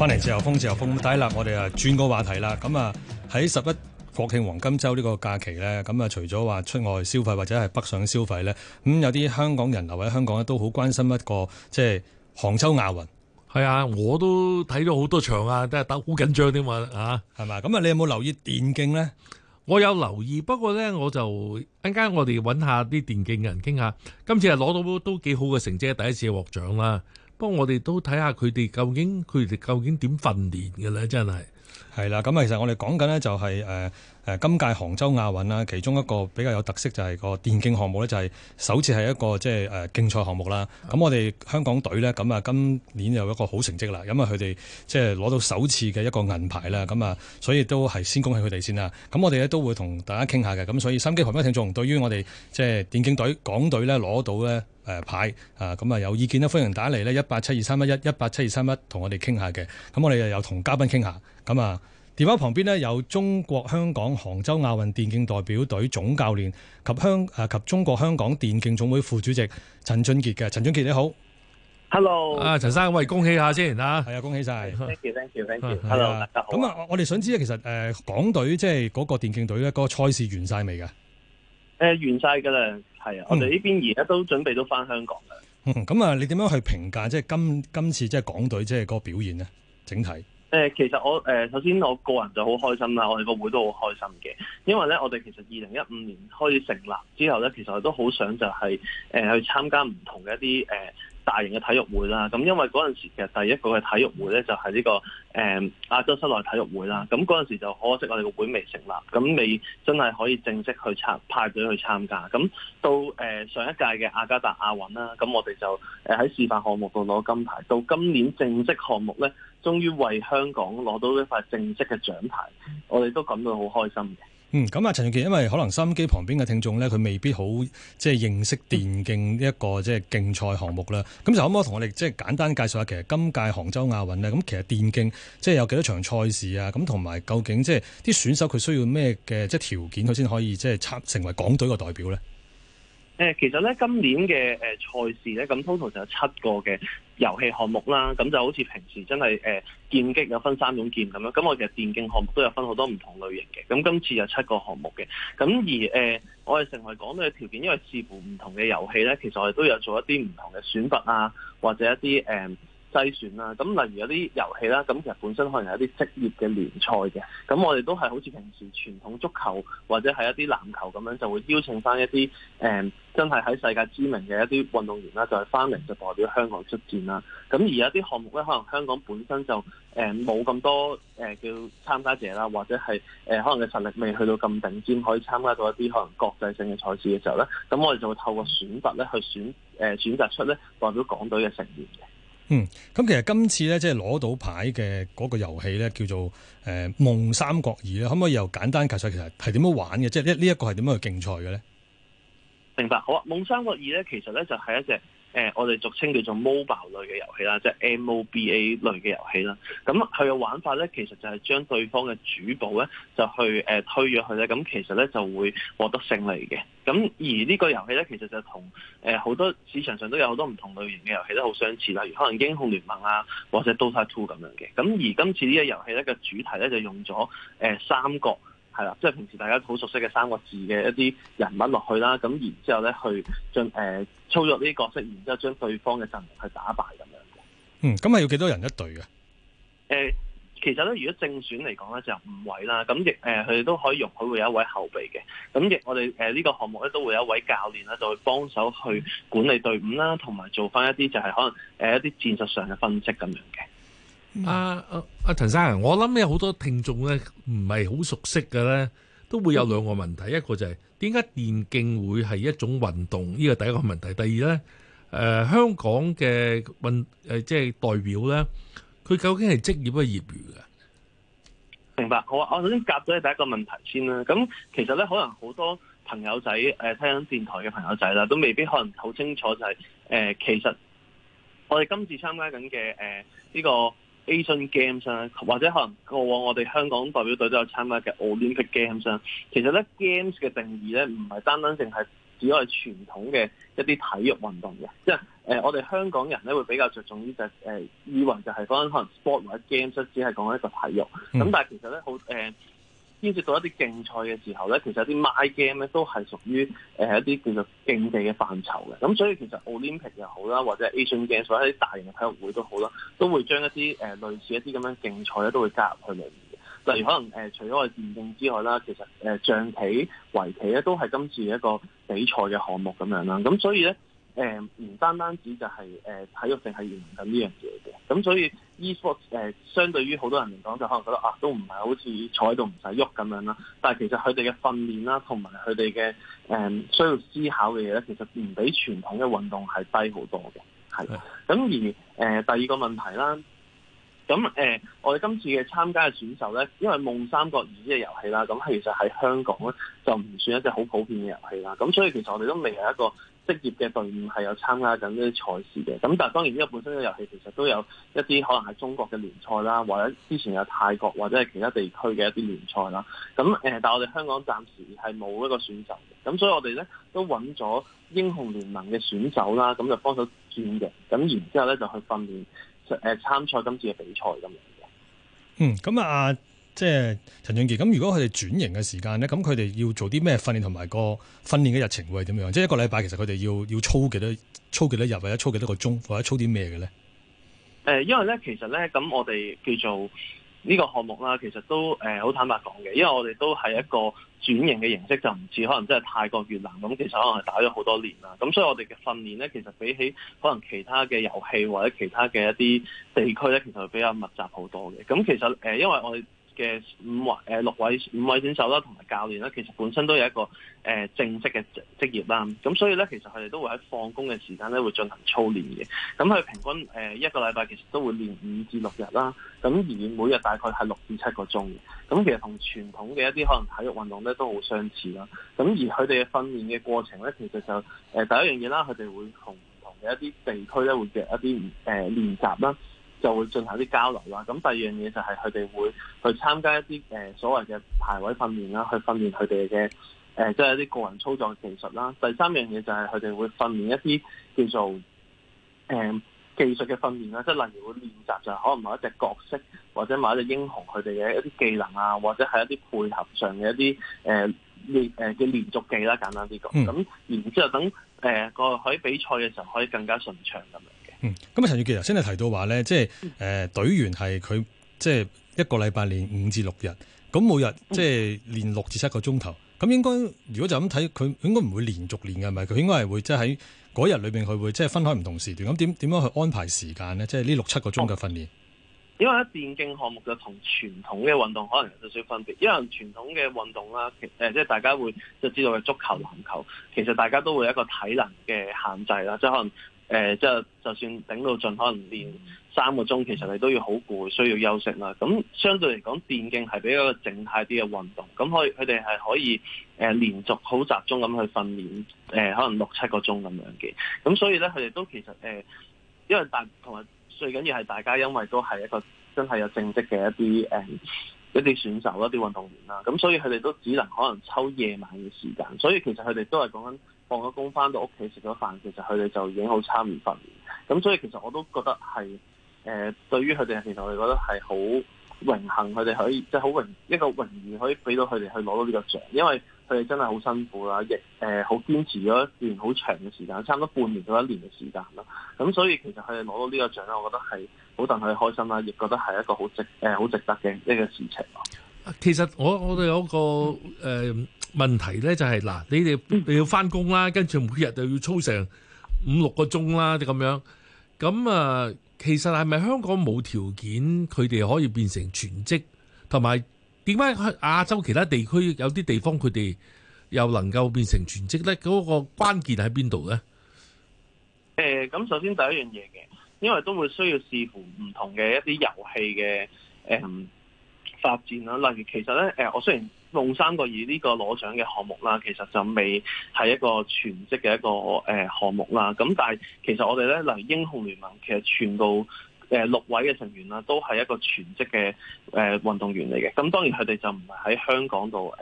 翻嚟自由風，自由風。咁睇啦，我哋啊轉個話題啦。咁啊喺十一國慶黃金周呢個假期咧，咁、嗯、啊除咗話出外消費或者係北上消費咧，咁、嗯、有啲香港人留喺香港咧都好關心一個即係杭州亞運。係啊，我都睇咗好多場啊，都係打好緊張啲嘛啊，係嘛？咁啊，你有冇留意電競咧？我有留意，不過咧我就我一陣間我哋揾下啲電競人傾下。今次係攞到都幾好嘅成績，第一次獲獎啦。不過我哋都睇下佢哋究竟佢哋究竟點訓練嘅咧，真係係啦。咁其實我哋講緊咧就係、係、誒。呃誒今屆杭州亞運啦，其中一個比較有特色就係個電競項目咧，就係、是、首次係一個即係誒競賽項目啦。咁、嗯、我哋香港隊呢，咁啊今年有一個好成績啦。咁啊佢哋即係攞到首次嘅一個銀牌啦。咁啊、嗯，所以都係先恭喜佢哋先啦。咁我哋咧都會同大家傾下嘅。咁所以三機旁邊嘅聽眾對於我哋即係電競隊港隊呢，攞到呢誒牌啊咁啊有意見呢，歡迎打嚟呢，1, 1, 一八七二三一一一八七二三一同我哋傾下嘅。咁我哋又同嘉賓傾下。咁啊。電話旁邊呢，有中國香港杭州亞運電競代表隊總教練及香誒及中國香港電競總會副主席陳俊杰嘅陳俊杰你好，Hello，啊陳生喂，恭喜下先啊，係啊 Hello,、嗯，恭喜晒，thank you，thank you，thank you，Hello，、嗯、大家好。咁啊，我哋想知咧，其實誒港隊即係嗰個電競隊咧，個賽事完晒未噶？誒，完晒噶啦，係啊，我哋呢邊而家都準備都翻香港啦。咁啊、嗯，嗯嗯、你點樣去評價即係今今次即係港隊即係個表現呢，整體？誒、呃，其實我誒、呃，首先我個人就好開心啦，我哋個會都好開心嘅，因為咧，我哋其實二零一五年開始成立之後咧，其實我都好想就係、是、誒、呃、去參加唔同嘅一啲誒、呃大型嘅體育會啦，咁因為嗰陣時其實第一個嘅體育會咧就係呢、這個誒、呃、亞洲室內體育會啦。咁嗰陣時就可惜我哋個會未成立，咁未真係可以正式去參派隊去參加。咁到誒、呃、上一屆嘅雅加達亞運啦，咁我哋就誒喺示範項目度攞金牌。到今年正式項目咧，終於為香港攞到一塊正式嘅獎牌，我哋都感到好開心嘅。嗯，咁啊，陳俊傑，因為可能收音機旁邊嘅聽眾咧，佢未必好即係認識電競呢一個即係競賽項目啦。咁、嗯、就可唔可以同我哋即係簡單介紹下，其實今屆杭州亞運咧，咁其實電競即係有幾多場賽事啊？咁同埋究竟即係啲選手佢需要咩嘅即係條件，佢先可以即係參成為港隊嘅代表咧？誒，其實咧今年嘅誒、呃、賽事咧，咁 total 就有七個嘅遊戲項目啦。咁就好似平時真係誒、呃、劍擊有分三種劍咁樣。咁我其實電競項目都有分好多唔同類型嘅。咁今次有七個項目嘅。咁而誒、呃，我哋成日講到嘅條件，因為視乎唔同嘅遊戲咧，其實我哋都有做一啲唔同嘅選拔啊，或者一啲誒。呃篩選啦，咁例如有啲遊戲啦，咁其實本身可能係一啲職業嘅聯賽嘅，咁我哋都係好似平時傳統足球或者係一啲籃球咁樣，就會邀請翻一啲誒、嗯、真係喺世界知名嘅一啲運動員啦，就係翻嚟就代表香港出戰啦。咁而有啲項目咧，可能香港本身就誒冇咁多誒、嗯、叫參加者啦，或者係誒、嗯、可能嘅實力未去到咁頂尖，可以參加到一啲可能國際性嘅賽事嘅時候咧，咁我哋就會透過選拔咧去選誒、嗯、選擇出咧代表港隊嘅成員嘅。嗯，咁其實今次咧即係攞到牌嘅嗰個遊戲咧，叫做誒、呃《夢三國二》咧，可唔可以又簡單介紹其實係點樣玩嘅？即係一呢一個係點樣去競賽嘅咧？明白，好啊，《夢三國二》呢咧其實咧就係、是、一隻。誒、呃，我哋俗稱叫做 mobile 類嘅遊戲啦，即係 M O B A 類嘅遊戲啦。咁佢嘅玩法咧，其實就係將對方嘅主堡咧就去誒、呃、推咗去咧。咁其實咧就會獲得勝利嘅。咁而呢個遊戲咧，其實就同誒好多市場上都有好多唔同類型嘅遊戲都好相似，例如可能英雄聯盟啊，或者 Dota Two 咁樣嘅。咁而今次呢個遊戲咧嘅主題咧，就用咗誒、呃、三國。係啦，即係平時大家好熟悉嘅三個字嘅一啲人物落去啦，咁然之後咧去進誒操作呢啲角色，然之後將對方嘅陣容去打敗咁樣嘅。嗯，咁係要幾多人一隊嘅？誒，其實咧，如果正選嚟講咧就五位啦，咁亦誒佢哋都可以容許會有一位後備嘅。咁亦我哋誒呢個項目咧都會有一位教練咧就會幫手去管理隊伍啦，同埋做翻一啲就係可能誒一啲戰術上嘅分析咁樣嘅。阿阿阿陳生，我諗咧好多聽眾咧唔係好熟悉嘅咧，都會有兩個問題，嗯、一個就係點解電競會係一種運動？呢個第一個問題，第二咧，誒、呃、香港嘅運誒、呃、即係代表咧，佢究竟係職業嘅、業餘嘅？明白好啊！我首先答咗你第一個問題先啦。咁其實咧，可能好多朋友仔誒、呃、聽緊電台嘅朋友仔啦，都未必可能好清楚就係、是、誒、呃，其實我哋今次參加緊嘅誒呢個。Asian Games 啊，或者可能過往我哋香港代表隊都有參加嘅 Olympic Games 啊。其實咧，games 嘅定義咧，唔係單單淨係只係傳統嘅一啲體育運動嘅。即係誒，我哋香港人咧會比較着重於就係誒、呃，以為就係講緊可能 sport 或者 games 只係講緊一個體育。咁、嗯、但係其實咧，好誒。呃牽涉到一啲競賽嘅時候咧，其實啲 my game 咧都係屬於誒一啲叫做競技嘅範疇嘅。咁所以其實 Olympic 又好啦，或者 Asian Games 或者一啲大型嘅體育會都好啦，都會將一啲誒類似一啲咁樣競賽咧，都會加入去裏面嘅。例如可能誒，除咗我哋電競之外啦，其實誒象棋、圍棋咧都係今次一個比賽嘅項目咁樣啦。咁所以咧。誒唔、呃、單單止就係、是、誒、呃、體育性係完成呢樣嘢嘅，咁所以 eSports、呃、相對於好多人嚟講，就可能覺得啊，都唔係好似坐喺度唔使喐咁樣啦。但係其實佢哋嘅訓練啦，同埋佢哋嘅誒需要思考嘅嘢咧，其實唔比傳統嘅運動係低好多嘅。係咁的而誒、呃、第二個問題啦，咁誒、呃、我哋今次嘅參加嘅選手咧，因為夢三國二呢隻遊戲啦，咁其實喺香港咧就唔算一隻好普遍嘅遊戲啦。咁所以其實我哋都未係一個。職業嘅隊伍係有參加緊呢啲賽事嘅，咁但係當然呢個本身嘅遊戲其實都有一啲可能係中國嘅聯賽啦，或者之前有泰國或者係其他地區嘅一啲聯賽啦，咁誒，但係我哋香港暫時係冇一個選手嘅，咁所以我哋咧都揾咗英雄聯盟嘅選手啦，咁就幫手轉嘅，咁然之後咧就去訓練誒參賽今次嘅比賽咁樣嘅。嗯，咁、嗯、啊。嗯即係陳俊傑，咁如果佢哋轉型嘅時間咧，咁佢哋要做啲咩訓練同埋個訓練嘅日程會係點樣？即係一個禮拜，其實佢哋要要操幾多操幾多日，或者操幾多個鐘，或者操啲咩嘅咧？誒，因為咧，其實咧，咁我哋叫做呢個項目啦，其實都誒好、呃、坦白講嘅，因為我哋都係一個轉型嘅形式，就唔似可能真係泰國、越南咁，其實可能係打咗好多年啦。咁所以我哋嘅訓練咧，其實比起可能其他嘅遊戲或者其他嘅一啲地區咧，其實比較密集好多嘅。咁其實誒、呃，因為我哋嘅五位誒六位五位選手啦，同埋教練啦，其實本身都有一個誒、呃、正式嘅職職業啦。咁所以咧，其實佢哋都會喺放工嘅時間咧，會進行操練嘅。咁佢平均誒、呃、一個禮拜其實都會練五至六日啦。咁而每日大概係六至七個鐘嘅。咁其實同傳統嘅一啲可能體育運動咧都好相似啦。咁而佢哋嘅訓練嘅過程咧，其實就誒、呃、第一樣嘢啦，佢哋會同唔同嘅一啲地區咧，會約一啲誒練習啦。就會進行啲交流啦。咁第二樣嘢就係佢哋會去參加一啲誒、呃、所謂嘅排位訓練啦，去訓練佢哋嘅誒，即、呃、係、就是、一啲個人操作技術啦。第三樣嘢就係佢哋會訓練一啲叫做誒、呃、技術嘅訓練啦，即係例如會練習就是、可能某一隻角色或者某一隻英雄佢哋嘅一啲技能啊，或者係一啲配合上嘅一啲誒連嘅連續技啦，簡單啲講。咁然之後等誒個喺比賽嘅時候可以更加順暢咁樣。嗯，咁啊，陳俊傑頭先啊提到話咧，即係誒、呃、隊員係佢即係一個禮拜練五至六日，咁每日即係練六至七個鐘頭，咁應該如果就咁睇，佢應該唔會連續練嘅，係咪？佢應該係會即係喺嗰日裏邊，佢會即係分開唔同時段，咁點點樣去安排時間呢？即係呢六七個鐘嘅訓練，因為電競項目就同傳統嘅運動可能有少少分別，因為傳統嘅運動啦，誒即係大家會就知道係足球、籃球，其實大家都會有一個體能嘅限制啦，即係可能。誒即係就算頂到盡，可能練三個鐘，其實你都要好攰，需要休息啦。咁相對嚟講，電競係比較靜態啲嘅運動，咁可以佢哋係可以誒、呃、連續好集中咁去訓練，誒、呃、可能六七個鐘咁樣嘅。咁所以咧，佢哋都其實誒、呃，因為大同埋最緊要係大家因為都係一個真係有正職嘅一啲誒、嗯、一啲選手啦，啲運動員啦，咁所以佢哋都只能可能抽夜晚嘅時間，所以其實佢哋都係講緊。放咗工翻到屋企食咗飯，其實佢哋就已經好參與訓練咁，所以其實我都覺得係誒、呃、對於佢哋，其實我哋覺得係好榮幸，佢哋可以即係好榮一個榮譽可以俾到佢哋去攞到呢個獎，因為佢哋真係好辛苦啦，亦誒好堅持咗一段好長嘅時間，差唔多半年到一年嘅時間啦。咁所以其實佢哋攞到呢個獎咧，我覺得係好戥佢哋開心啦，亦覺得係一個好值誒好、呃、值得嘅一個事情咯。其實我我哋有一個、嗯問題呢就係嗱，你哋你要翻工啦，跟住每日就要操成五六個鐘啦，就咁樣。咁啊，其實係咪香港冇條件佢哋可以變成全職？同埋點解亞洲其他地區有啲地方佢哋又能夠變成全職呢？嗰個關鍵喺邊度呢？誒，咁首先第一樣嘢嘅，因為都會需要視乎唔同嘅一啲遊戲嘅誒發展啦。例如，其實呢，誒，我雖然。共三個以呢個攞獎嘅項目啦，其實就未係一個全職嘅一個誒項目啦。咁但係其實我哋咧，嗱英雄聯盟其實全部誒六位嘅成員啦，都係一個全職嘅誒運動員嚟嘅。咁當然佢哋就唔係喺香港度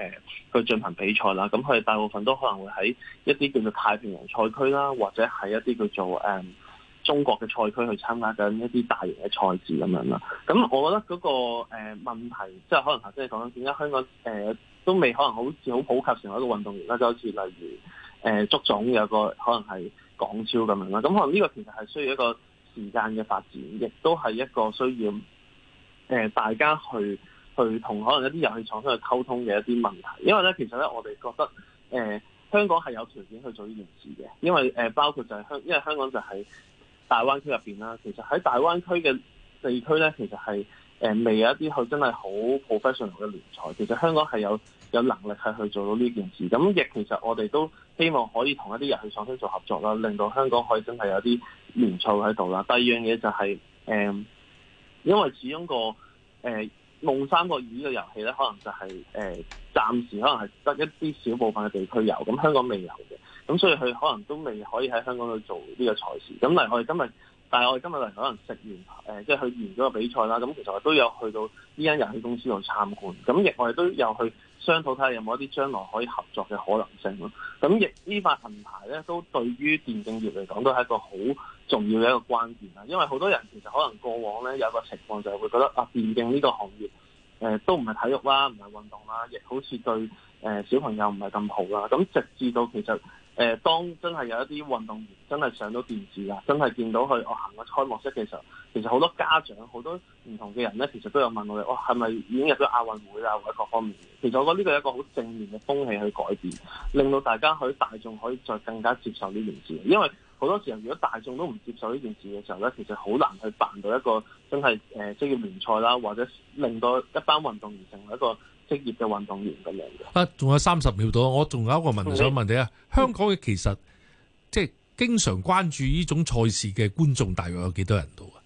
誒去進行比賽啦。咁佢哋大部分都可能會喺一啲叫做太平洋賽區啦，或者係一啲叫做誒。中國嘅賽區去參加緊一啲大型嘅賽事咁樣啦，咁我覺得嗰、那個誒、呃、問題，即、就、係、是、可能頭先你講緊點解香港誒、呃、都未可能好似好普及成為一個運動員啦，就好似例如誒足、呃、總有個可能係港超咁樣啦，咁可能呢個其實係需要一個時間嘅發展，亦都係一個需要誒、呃、大家去去同可能一啲遊戲廠商去溝通嘅一啲問題，因為咧其實咧我哋覺得誒、呃、香港係有條件去做呢件事嘅，因為誒、呃、包括就係、是、香，因為香港就係、是。大灣區入邊啦，其實喺大灣區嘅地區呢，其實係誒、呃、未有一啲佢真係好 professional 嘅聯賽。其實香港係有有能力係去做到呢件事。咁亦其實我哋都希望可以同一啲人去創新做合作啦，令到香港可以真係有啲聯賽喺度啦。第二樣嘢就係、是、誒、呃，因為始終個誒、呃、夢三國嘅遊戲呢，可能就係、是、誒、呃、暫時可能係得一啲小部分嘅地區有，咁香港未有嘅。咁所以佢可能都未可以喺香港去做呢個賽事。咁嚟我哋今日，但係我哋今日嚟可能食完，誒、呃，即係去完咗個比賽啦。咁其實我都有去到呢間遊戲公司度參觀。咁亦我哋都有去商討，睇下有冇一啲將來可以合作嘅可能性咯。咁亦呢塊品牌咧，都對於電競業嚟講都係一個好重要嘅一個關鍵啦。因為好多人其實可能過往咧有個情況就係會覺得啊，電競呢個行業誒、呃、都唔係體育啦，唔係運動啦，亦好似對誒、呃、小朋友唔係咁好啦。咁直至到其實。誒，當真係有一啲運動員真係上到電視啊，真係見到佢我行個開幕式嘅時候，其實好多家長、好多唔同嘅人咧，其實都有問我哋，哇、哦，係咪已經入咗亞運會啊，或者各方面？其實我覺得呢個係一個好正面嘅風氣去改變，令到大家去大眾可以再更加接受呢件事。因為好多時候，如果大眾都唔接受呢件事嘅時候咧，其實好難去辦到一個真係誒、呃，即係聯賽職業聯賽啦，或者令到一班運動員成為一個。職業嘅運動員咁樣嘅，啊，仲有三十秒到。我仲有一個問題想問你啊，的香港嘅其實即係經常關注呢種賽事嘅觀眾，大約有幾多人到啊？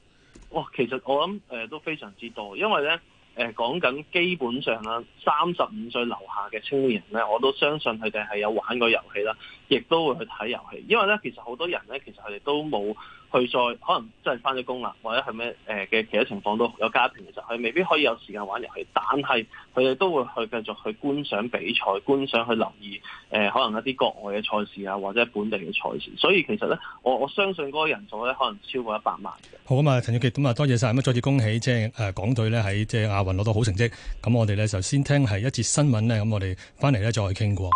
哇，其實我諗誒、呃、都非常之多，因為呢誒講緊基本上啊，三十五歲樓下嘅青年人呢、啊，我都相信佢哋係有玩過遊戲啦，亦、啊、都會去睇遊戲，因為呢，其實好多人呢，其實佢哋都冇。佢再可能真係翻咗工啦，或者係咩誒嘅其他情況都有家庭，其實佢未必可以有時間玩遊戲，但係佢哋都會去繼續去觀賞比賽，觀賞去留意誒、呃、可能一啲國外嘅賽事啊，或者本地嘅賽事。所以其實咧，我我相信嗰個人數咧，可能超過一百萬。好啊，陳俊傑，咁啊多謝晒。咁啊再次恭喜即係誒港隊咧喺即係亞運攞到好成績。咁我哋咧就先聽係一節新聞咧，咁我哋翻嚟咧再傾過。